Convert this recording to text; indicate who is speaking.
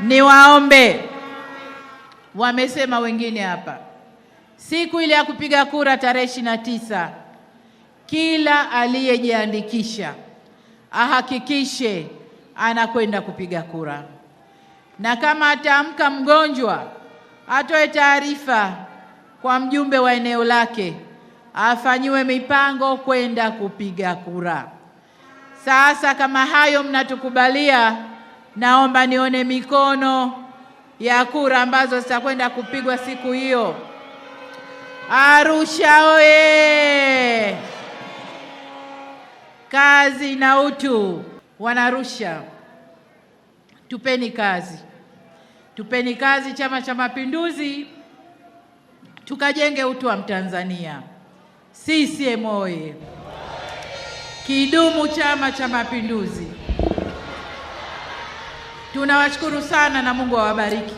Speaker 1: niwaombe, wamesema wengine hapa, siku ile ya kupiga kura tarehe ishirini na tisa kila aliyejiandikisha ahakikishe anakwenda kupiga kura, na kama ataamka mgonjwa atoe taarifa kwa mjumbe wa eneo lake afanyiwe mipango kwenda kupiga kura. Sasa kama hayo mnatukubalia Naomba nione mikono ya kura ambazo zitakwenda kupigwa siku hiyo. Arusha oye! Kazi na utu, Wanarusha, tupeni kazi, tupeni kazi Chama cha Mapinduzi, tukajenge utu wa Mtanzania. CCM oye! Kidumu Chama cha Mapinduzi! Tunawashukuru sana na Mungu awabariki.